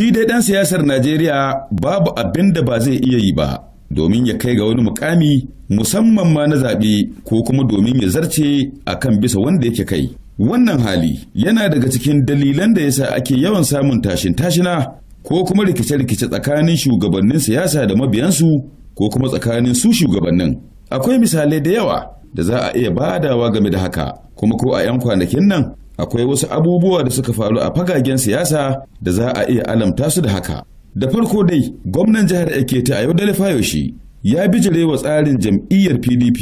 Shi dai ɗan siyasar Najeriya babu abin da ba zai iya yi ba domin ya kai ga wani mukami musamman ma na zaɓe ko kuma domin ya zarce a kan bisa wanda yake kai. Wannan hali yana daga cikin dalilan da yasa ake yawan samun tashin tashina ko kuma rikice-rikice tsakanin shugabannin siyasa da mabiyansu ko kuma tsakanin su shugabannin. Akwai misalai da yawa da za a iya badawa game da haka, kuma ko a 'yan kwanakin nan akwai wasu abubuwa da suka faru a fagagen siyasa da za a iya alamta su da haka. Da farko dai, gwamnan jihar Eketa a yau da Fayoshi ya bijire wa tsarin jam'iyyar PDP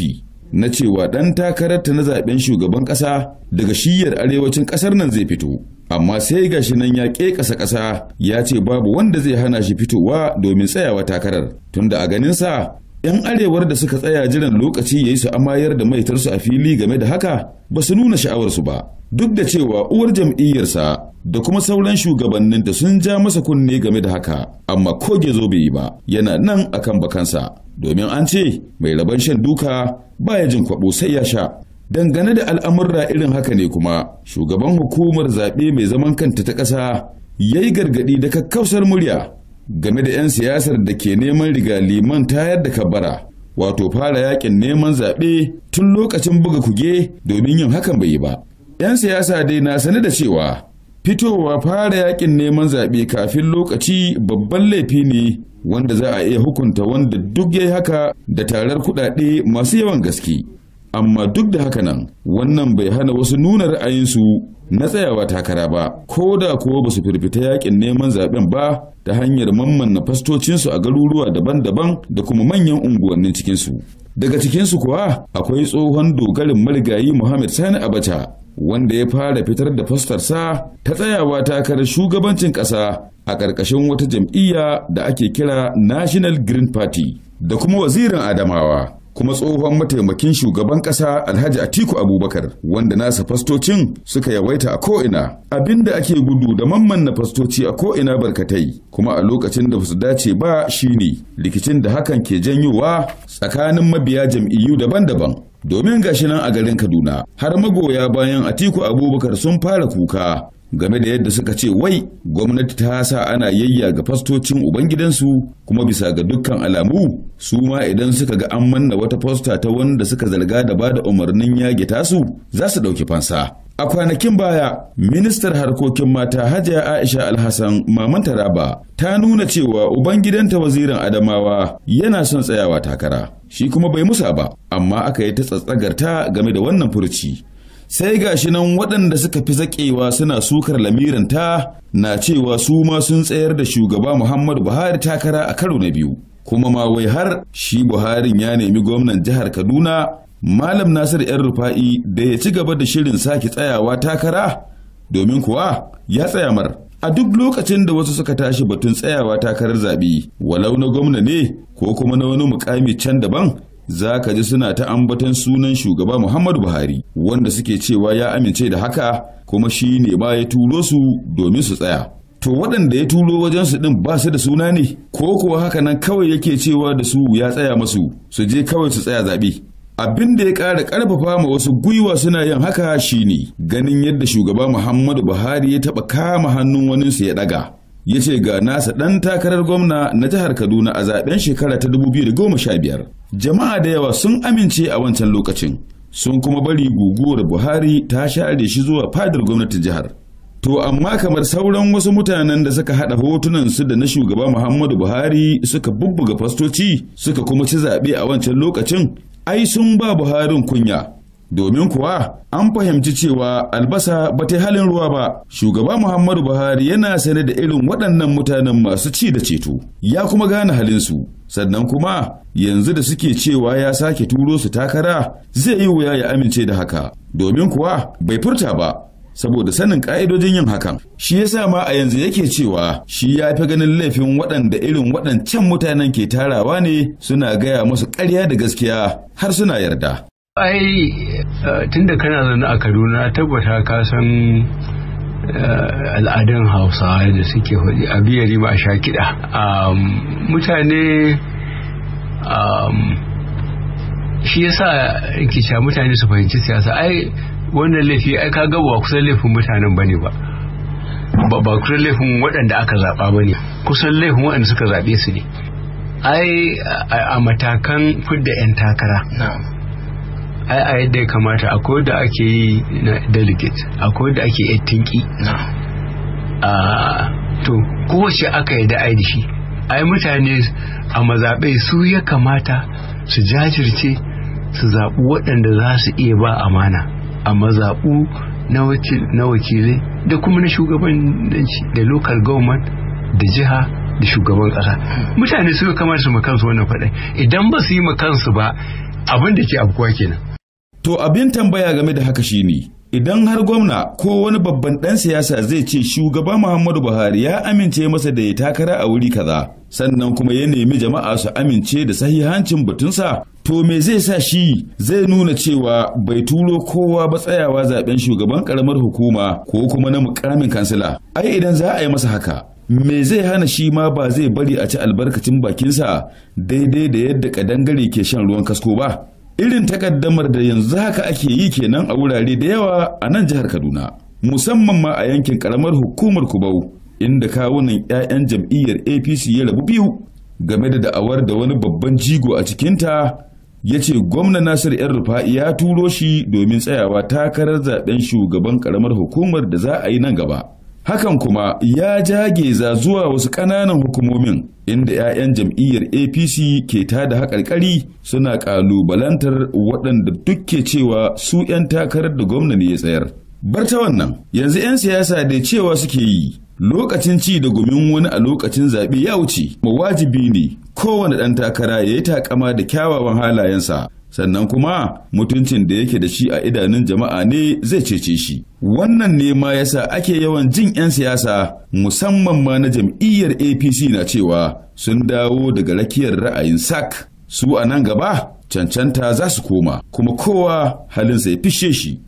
na cewa ɗan takararta na zaɓen shugaban ƙasa daga shiyyar arewacin ƙasar nan zai fito. Amma sai gashi nan ya ƙeƙasa ƙasa ya ce babu wanda zai hana shi fitowa domin tsayawa takarar, tunda a ganinsa 'yan arewar da suka tsaya jiran lokaci ya yi su amayar da maitarsu a fili game da haka ba su nuna sha'awarsu ba duk da cewa uwar jam'iyyarsa da kuma sauran shugabannin shugabanninta sun ja masa kunne game da haka amma ko zo bai yi ba yana nan akan bakansa domin an ce mai rabon shan duka baya jin kwabo sai ya sha dangane da al'amurra irin haka ne kuma shugaban hukumar zaɓe mai zaman kanta ta ƙasa ya yi gargaɗi da kakkausar murya game da 'yan siyasar da ke neman riga liman tayar da kabara wato fara yakin neman zaɓe tun lokacin buga kuge domin yin hakan bai yi ba 'yan siyasa dai na sane da cewa fitowa fara yakin neman zaɓe kafin lokaci babban laifi ne wanda za a iya hukunta wanda duk ya yi haka da tarar kuɗaɗe masu yawan gaske amma duk da haka nan wannan bai hana wasu nuna ra'ayinsu na tsayawa takara ba ko da kuwa ba su firfita yakin neman zaben ba ta hanyar mammanna fastocinsu a garuruwa daban-daban da kuma manyan unguwannin cikinsu daga cikinsu kuwa akwai tsohon dogarin marigayi muhammad sani abacha wanda ya fara fitar da fastarsa ta tsayawa takarar shugabancin ƙasa a ƙarƙashin wata jam'iyya da ake kira national green party da kuma wazirin adamawa kuma tsohon mataimakin shugaban ƙasa Alhaji Atiku Abubakar wanda nasa fastocin suka yawaita a ko'ina abinda ake gudu da mamman na fastoci a ko'ina barkatai kuma a lokacin da su dace ba shine rikicin da hakan ke janyowa tsakanin mabiya jam'iyyu daban-daban domin gashi nan a garin Kaduna har magoya bayan Atiku Abubakar sun fara kuka game da yadda suka ce wai gwamnati ta sa ana yayya ga fastocin ubangidansu kuma bisa ga dukkan alamu su ma idan suka ga an manna wata fasta ta wanda suka zarga da bada umarnin yage tasu za su ɗauki fansa a kwanakin baya ministar harkokin mata hajiya aisha alhassan maman taraba ta nuna cewa ubangidanta wazirin adamawa yana son tsayawa takara shi kuma bai musa ba amma aka yi ta tsatsagarta game da wannan furci sai gashi nan waɗanda suka fi zaƙewa suna sukar lamiranta na cewa su ma sun tsayar da shugaba Muhammadu Buhari takara a karo na biyu. Kuma ma wai har shi Buharin ya nemi gwamnan jihar Kaduna Malam Nasir ‘yan rufa'i da ya ci gaba da shirin sake tsayawa takara domin kuwa ya tsaya mar. A duk lokacin da wasu suka tashi batun tsayawa takarar zaɓe, walau na gwamna ne ko kuma na wani mukami can daban za ka ji suna ta ambaton sunan shugaba Muhammadu Buhari wanda suke cewa ya amince da haka kuma shi ne ma ya turo su domin su tsaya. To waɗanda ya turo wajen su ɗin ba su da suna ne, ko kuwa haka nan kawai yake cewa da su ya tsaya masu su je kawai su tsaya zaɓe. Abin da ya ƙara ƙarfafa ma wasu gwiwa suna yin haka shine ganin yadda shugaba Muhammadu Buhari ya taɓa kama hannun waninsu ya ɗaga. ya ce ga nasa ɗan takarar gwamna na jihar Kaduna a zaɓen shekara ta 2015. Jama'a da yawa sun amince a wancan lokacin, sun kuma bari guguwar Buhari ta share shi zuwa fadar gwamnatin jihar. To amma kamar sauran wasu mutanen da suka haɗa hotunan su da na shugaba Muhammadu Buhari suka bubbuga fastoci suka kuma ci zaɓe a wancan lokacin, ai sun ba Buharin kunya. domin kuwa an fahimci cewa albasa ba ta halin ruwa ba shugaba muhammadu buhari yana sane da irin waɗannan mutanen masu ci da ceto ya kuma gane halinsu sannan kuma yanzu da suke cewa ya sake turo su takara zai yi wuya ya amince da haka domin kuwa bai furta ba saboda sanin ƙa'idojin yin hakan shi yasa ma a yanzu yake cewa shi ya fi ganin laifin waɗanda irin waɗancan mutanen ke tarawa ne suna gaya masu ƙarya da gaskiya har suna yarda Eh, tunda kana zaune a kaduna tabbata ka san eh, al'adun hausawa da suke hudu a biyari ba sha kiɗa mutane shi yasa ke sha mutane su fahimci siyasa ai wannan laifi ai ka gabuwa kusan laifin mutanen bane ba ba kusan laifin waɗanda aka zaɓa ba ne kusan laifin waɗanda suka zaɓe su ne ai a matakan fudda 'yan takara ai a yadda ya kamata akwai da ake yi na delegate akwai da ake yi tinki a ah, to kowace aka yi da aini shi ai mutane a mazaɓe su ya kamata su jajirce su zaɓi waɗanda za su iya ba amana a mazaɓu na wakilai da kuma na shugabanci da local government da jiha da shugaban ƙasa mutane su ya kamata su makansu wannan faɗa idan ba su yi makansu ba abin da ke abuwa kenan To abin tambaya game da haka shine idan har gwamna ko wani babban ɗan siyasa zai ce shugaba Muhammadu Buhari ya amince masa da ya takara a wuri kaza sannan kuma ya nemi jama'a su amince da sahihancin batunsa to me zai sa shi zai nuna cewa bai turo kowa ba tsayawa zaben shugaban ƙaramar hukuma ko kuma na mukamin kansila ai idan za a yi masa haka me zai hana shi ma ba zai bari a ci albarkacin bakinsa daidai da yadda ƙadangare ke shan ruwan kasko ba irin takaddamar da yanzu haka ake yi kenan a wurare da yawa a nan jihar kaduna musamman ma a yankin karamar hukumar kubau inda kawunan 'ya'yan jam'iyyar apc ya rabu biyu game da da'awar da wani babban jigo a cikinta ya ce gwamna nasir yan rufa'i ya turo shi domin tsayawa takarar zaben shugaban karamar hukumar da za a yi nan gaba hakan kuma ya jageza zuwa wasu ƙananan hukumomin inda 'ya'yan jam'iyyar apc ke ta da haƙarƙari suna ƙalubalantar waɗanda duk ke cewa su 'yan takarar da gwamna ne ya tsayar Bar ta wannan yanzu 'yan siyasa da cewa suke yi lokacin ci da gumin wani a lokacin zaɓe ya wuce wajibi ne kowane ɗan takara ya yi takama da kyawawan halayensa sannan kuma mutuncin da yake da shi a idanun jama'a ne zai cece shi wannan ne ma yasa ake yawan jin 'yan siyasa musamman ma na jam'iyyar apc na cewa sun dawo daga rakiyar ra'ayin sac su a nan gaba cancanta za su koma kuma kowa halinsa ya fishe shi